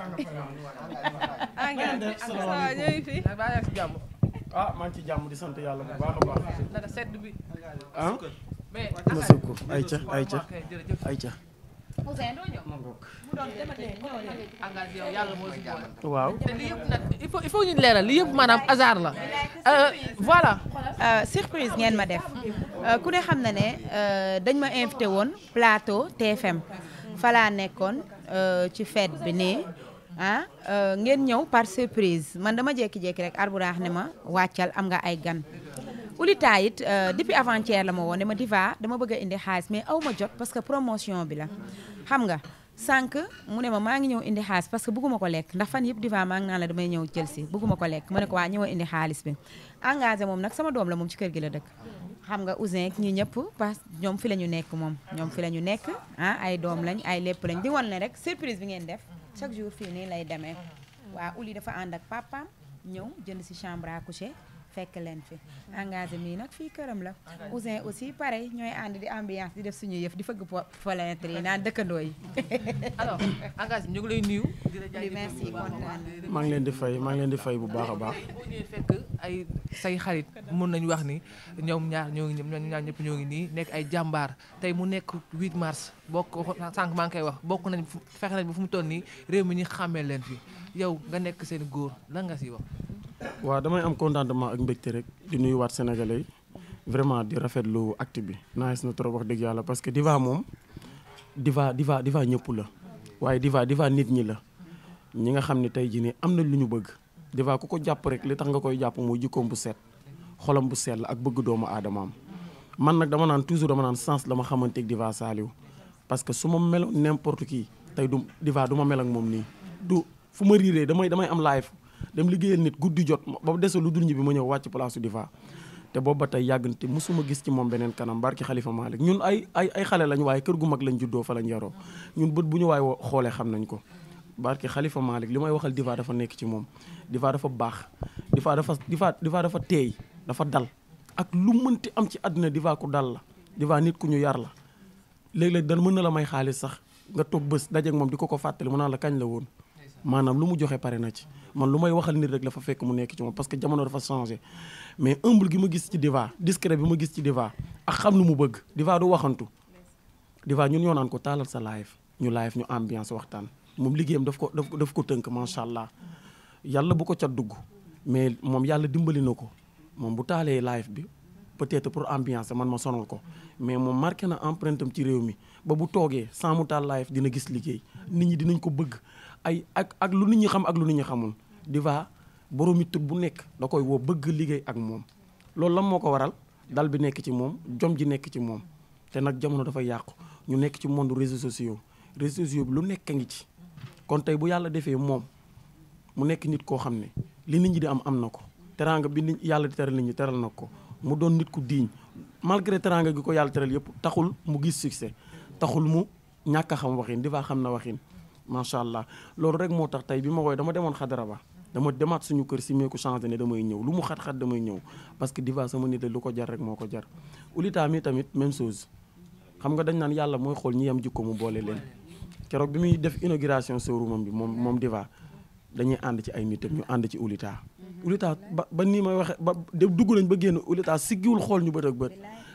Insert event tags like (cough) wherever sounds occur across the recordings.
Ah, ah, ah maa ci jàmm di sant yàlla bu baax a baax. ah ma sukkur ayca ayca ayca. waaw. il faut il faut ñu leeral li yëpp maanaam hasard la. Euh, voilà. Euh, surprise ngeen ma def. Euh, ku ne xam na ne dañ ma invité woon plateau TFM. falaa nekkoon ci feet bi ne ah euh, ngeen ñëw par surprise man dama jékki-jékki rek Albourakh ne ma wàccal am nga ay gan. Oulita it euh, depuis avant-hier la ma woo ne ma diva dama bëgg indi xaalis mais aw ma jot parce que promotion bi la xam nga. sànq mu ne ma maa ngi ñëw indi xaalis parce que bëgguma ko lekk ndax fan yëpp diva maa ngi naan la damay ñëw jël si bëgguma ko lekk ne ko waa ñëw indi xaalis bi engagé moom nag sama doom la moom ci kër gi la dëkk xam nga ousin ñi ñëpp parce ñoom fi la ñu nekk moom ñoom fi la ñu nekk ah, ay doom lañ ay lépp lañ di wan ne rek surprise bi ngeen def chaque jour fii nii lay demee. Uh-huh. waaw Uli dafa ànd ak papaam ñëw jënd si chambre à coucher fekk leen fi engagé mii nag fii këram la Ousin aussi pareil ñooy ànd di ambiance di def suñu yëf di fëgg polentri yi naan dëkkandoo yi (laughs) alors engagé ñu ngi lay nuyu di maa ngi leen di fay maa ngi leen di fay bu baax a fekk ay say xarit mën nañu wax ni ñoom ñaar ñoo ngi ñoom ñaar ñëpp ñoo ngi nii nekk ay jàmbaar tey mu nekk huit mars bokk sànq maa ngi koy wax bokk nañ fexe nañ ba fu mu toll nii réew mi ñu xàmmee leen fi yow nga nekk seen góor lan nga siy wax waaw damay am contentement ak mbégte rek di nuyuwaat sénégalais yi vraiment di rafetlu act bi nice na trop wax dëgg yàlla parce que diva moom diva diva diva ñëpp la waaye diva diva nit ñi la ñi nga xam ne tey jii ni am na lu ñu bëgg diva ku ko jàpp rek li tax nga koy jàpp mooy jikkoom bu set xolam bu la ak bëgg doomu aadamaam man nag dama naan toujours dama naan sens la ma xamanteeg diva saaliw parce que su ma meloon n'importe kii tey du diva du ma mel moom nii du fu ma riiree damay damay am live dem liggéeyal nit guddi jot ba dese lu dul bi ma ñëw wàcc place su Diva te boobu ba tey yàgg na te gis ci moom beneen kanam barki Xalifa Malick ñun ay ay ay xale lañ waaye kër gu mag lañ juddoo fa la yaroo ñun bët bu ñu waay xoolee xam nañ ko barki Xalifa Malick li may waxal Diva dafa nekk ci moom Diva dafa baax Diva dafa Diva Diva dafa teey dafa dal ak lu mënti am ci àddina Diva ku dal la Diva nit ku ñu yar la léeg-léeg dan mën na la may xaalis sax nga toog bés dajeeg moom di ko ko fàttali mu naan la kañ la woon maanaam lu mu joxe pare na ci man lu may waxal nit rek la fa fekk mu nekk ci moom parce que jamono dafa changé mais humble gi ma gis ci Diva discret bi ma gis ci Diva ak xam lu mu bëgg Diva du waxantu Diva ñun ñoo naan ko taalal sa live ñu live ñu ambiance waxtaan moom liggéeyam daf ko daf ko tënk macha allah yàlla bu ko ca dugg mais moom yàlla dimbali na ko moom bu taalee live bi peut-être pour ambiance man ma sonal ko mais moom marqué na empreinte am ci réew mi ba bu toogee sans mu taal live dina gis liggéey nit ñi dinañ ko bëgg ay ak ak lu nit ñi xam ak lu nit ñi xamul Diva boroomi tur bu nekk da koy woo bëgg liggéey ak moom loolu lan moo ko waral dal bi nekk ci moom jom ji nekk ci moom te nag jamono dafa yàqu ñu nekk ci monde réseaux sociaux réseaux bi lu nekk a ngi ci kon tey bu yàlla defee moom mu nekk nit koo xam ne li nit ñi di am am na ko teranga bi nit yàlla di teral nit ñi teral na ko mu doon nit ku diiñ malgré teranga gi ko yàlla teral yëpp taxul mu gis succès taxul mu ñàkk a xam waxin Diva xam na waxin macha allah loolu rek moo tax tey bi ma woy dama demoon xadara ba dama demaat suñu kër si meeku changé ne damay ñëw lu mu xat-xat damay ñëw parce que diva sama nit la lu ko jar rek moo ko jar ulita mi tamit même chose xam nga dañ naan yàlla mooy xool ñi yam jikko mu boole leen keroog bi muy def inauguration showroom bi moom moom diva dañuy ànd ci ay nitam ñu ànd ci ulita ulita ba ba nii may waxe ba dugg nañ ba génn ulita siggiwul xool ñu bët ak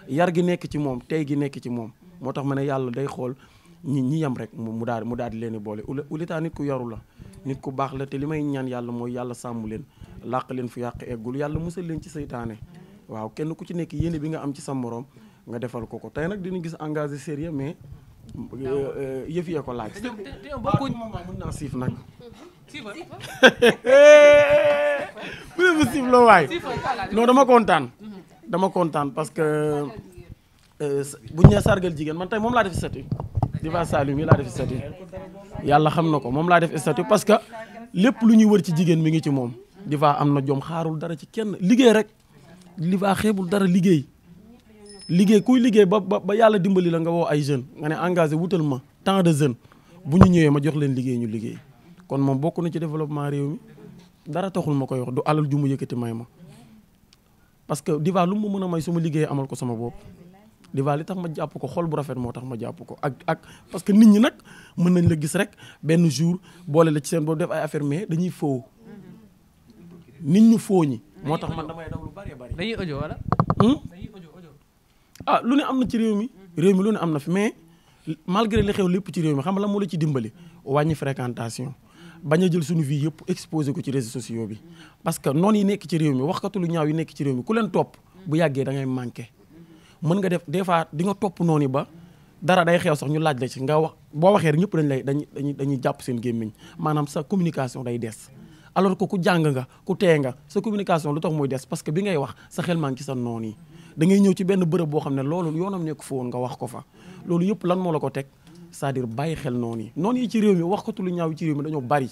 yar gi nekk ci moom tey gi nekk ci moom moo tax ma ne yàlla day xool ñi ñi yem rek mu daal mu daal di leen boole ulita nit ku yaru la nit ku baax la te li may ñaan yàlla mooy yàlla sàmm leen làq leen fu yàq eggul yàlla musal leen ci saytaane waaw kenn ku ci nekk yéene bi nga am ci sa morom nga defal ko ko tey nag dina gis engagé sérieux mais euh, euh, yëf yee ko laaj mën naa siif nag bu ne bu siif loo waay non dama kontaan dama kontaan parce que euh, bu ñu nee sargal jigéen man tey moom laa def sati Diva Saliou mi laa def statut yàlla xam na ko moom laa def statut parce que lépp lu ñuy wër ci jigéen mi ngi ci moom Diva am na jom xaarul dara ci kenn liggéey rek Diva xeebul dara liggéey liggéey kuy liggéey ba ba ba yàlla dimbali la nga woo ay jeunes nga ne engagé wutal ma tant de jeunes bu ñu ñëwee ma jox leen liggéey ñu liggéey kon moom bokk na ci developpement réew mi dara taxul ma koy wax du alal ju mu may ma parce que Diva lu mu mën a may su ma amal ko sama bopp. Diva li tax ma jàpp ko xol bu rafet moo tax ma jàpp ko ak ak parce que nit ñi nag mën nañ la gis rek benn jour boole la ci seen boobu def ay affaire mais dañuy foo nit ñu foo ñi. moo tax man damay daw lu bari bari. dañuy audio wala. Hmm? dañuy ah, lu ne am na ci réew mi. réew mi lu ne am na fi mais malgré li xew lépp ci réew mi xam nga la moo la ci dimbali wàññi fréquentation. bañ a jël suñu vie yëpp exposé ko ci réseaux sociaux bi parce que noonu yi nekk ci réew mi wax katulu ñaaw yi nekk ci réew mi ku leen topp bu yàggee da manqué mën nga def des fois di nga topp noonu ba dara day xew sax ñu laaj la ci nga wax boo waxee rek ñëpp dañ lay dañuy dañuy jàpp seen gémmiñ maanaam sa communication day des. alors que ku jàng nga ku tee nga sa communication lu tax muy des parce que bi ngay wax sa xel maa ngi ci sa noon yi ñëw ci benn bërëb boo xam ne loolu yoonam nekk fa woon nga wax ko fa. loolu yëpp lan moo la ko teg c'est-à-dire bàyyi xel noonu yi noonu yi ci réew mi waxkatu lu ñaaw ci réew mi dañoo bari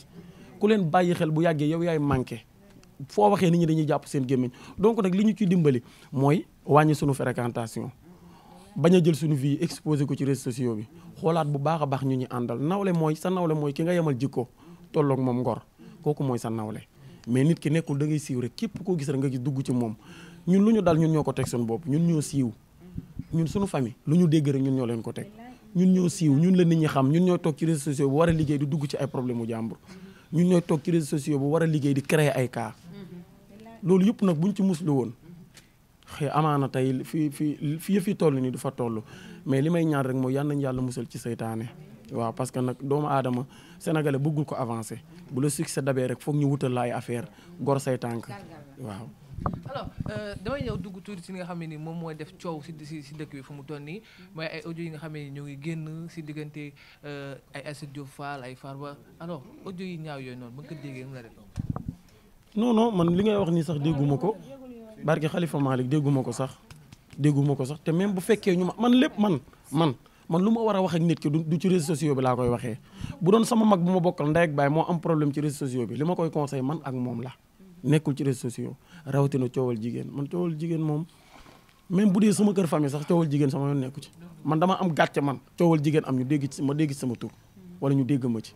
ku leen bàyyi xel bu yàggee yow yaay manqué. foo waxee nit ñi dañuy jàpp seen gémmiñ donc nag li ñu ci dimbali mooy wàññi suñu fréquentation bañ a jël suñu fii exposé ko ci réseaux sociaux bi xoolaat bu baax a baax ñu ñu àndal nawle mooy sa nawle mooy ki nga yemal jikko tolloog moom ngor kooku mooy sa nawle mais nit ki nekkul da ngay siiw rek képp koo gis rek nga gis dugg ci moom ñun lu ñu dal ñun ñoo ko teg suñu bopp ñun ñoo siiw ñun sunu famille lu ñu dégg rek ñun ñoo leen ko teg ñun ñoo siiw ñun la nit ñi xam ñun ñooy toog ci réseaux war a liggéey di dugg ci ay mu jàmbur ñun ñooy toog ci réseaux sociaux bu war a liggéey di créer ay loolu yëpp nag buñ ci muslu woon xëy amaana tey fi fi fi yëf yi toll nii du fa toll mais li may ñaan rek mooy yal nañu yàlla musal ci seytaane waaw parce que nag doomu aadama sénégalais bëggul ko avancé bu la succès dabee rek foog ñu wutal la ay affaire gor say tànk waaw alors euh, damay ñëw dugg tuuti si li nga xam ne ni moom mooy def coow si si si dëkk bi fu mu toll nii mooy ay audio yi nga xam ne ni ñoo ngi génn si diggante euh, ay Aïssatou Diop Fall ay Farba alors audio yi ñaaw yooyu noonu ba nga la def non man li ngay wax nii sax dégguma ko barke Khalifa Malick dégguma ko sax dégguma ko sax te même bu fekkee ñu ma man lépp man man man lu ma war a wax ak nit ki du ci réseaux sociaux bi laa koy waxee bu doon sama mag bu ma bokkal ndey ak baay moo am problème ci réseaux bi li ma koy conseil man ak moom la nekkul ci réseaux sociaux rawatina coowal jigéen man coowal jigéen moom même bu dee suma kër famille sax coowal jigéen sama yoon nekku ci man dama am gàcce man coowal jigéen am ñu dégg ma dégg sama tur wala ñu dégg ma ci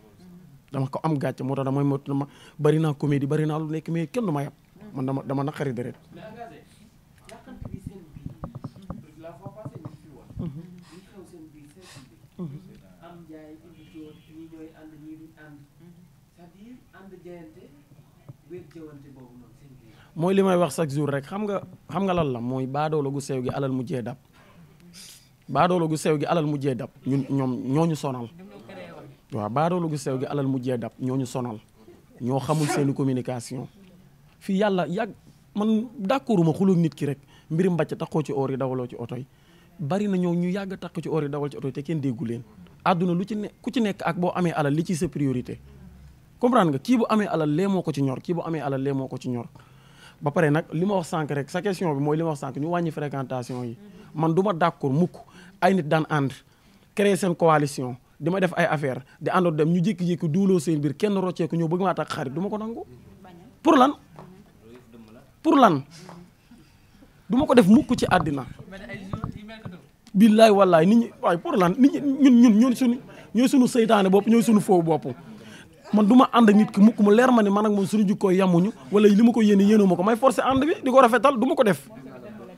dama ko am gàcce moo tax damay mot ma bari naa comédie bari naa lu nekk mais kenn du ma yab dama dama naqari deret mooy li may wax chaque jour rek xam nga xam nga lal la mooy baadoolo gu sew gi alal mu jee dab baadoolo gu sew gi alal mu jee dab ñoom ñooñu sonal waaw baadoolu gu sew gi alal jee dab ñoo ñu sonal ñoo xamul seeni communication fii yàlla yàgg man d'accord ma xulóog nit ki rek mbirum mbàcc taxoo ci oor yi dawaloo ci oto yi bari na ñoo ñu yàgg a takk ci oor dawal ci oto te kenn déggu leen àdduna lu ci ne ku ci nekk ak boo amee alal li ci sa priorité comprendre nga kii bu amee alal lee moo ko ci ñor kii bu amee alal lee moo ko ci ñor ba pare nag li ma wax sànq rek sa question bi mooy li ma wax sànq ñu wàññi fréquentation yi man du ma d'accord mukk ay nit daan ànd créer seen coalition di ma def ay affaire di àndoo dem ñu jékki-jékki duuloo seen biir kenn rocceeku ñëw bëgg maa tax xarit du ma ko nangu pour lan pour lan du ko def mukk ci àddina billaay wallaay nit ñi waaye pour lan nit ñi ñun ñun suñu ñooy suñu seytaane bopp ñooy suñu foofu bopp man du ma ànd ak ki mukk mu leer ma ne man ak moom suñu jikkoo yamuñu wala li ma ko yéene yéenu ma ko may forcé ànd bi di ko rafetal du ma ko def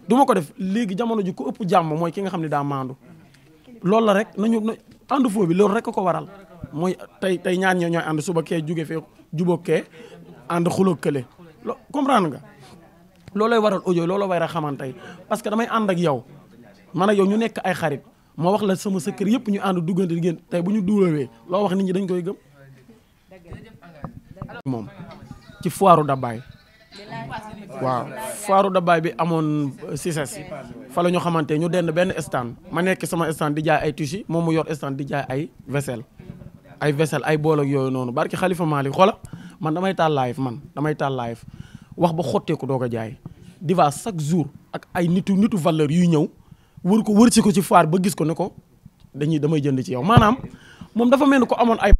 du ma ko def léegi jamono ji ko ëpp jàmm mooy ki nga xam ne daa maandu loolu rek ànd foo bi loolu rek ko waral mooy tey tey ñaar ñoo ànd suba kee jóge fee jubóog kee ànd xuloo kële lo comprendre nga loolooy waral audio looloo war a xamante parce que damay ànd ak yow man ak yow ñu nekk ay xarit moo wax la sama sa kër yëpp ñu ànd duggante di génn tey bu ñu duurawee loo wax nit ñi dañ koy gëm moom ci foiru Dabaye waaw faaru dabaay bi amoon Cissesse euh, fa la ñu xamante ñu dend benn stand ma nekk sama stand di jaay ay tissus moom mu yor stand di jaay ay vaisselle ay vaisselle ay bool yooyu noonu barki Xalifa Maalik xoola man damay taal live man damay taal wax ba xotteeku doog a jaay Diva chaque jour ak ay nitu nitu valeur yuy ñëw wër ko wër si ko ci faar ba gis ko ne ko dañuy damay jënd ci yow maanaam moom dafa mel ni amoon ay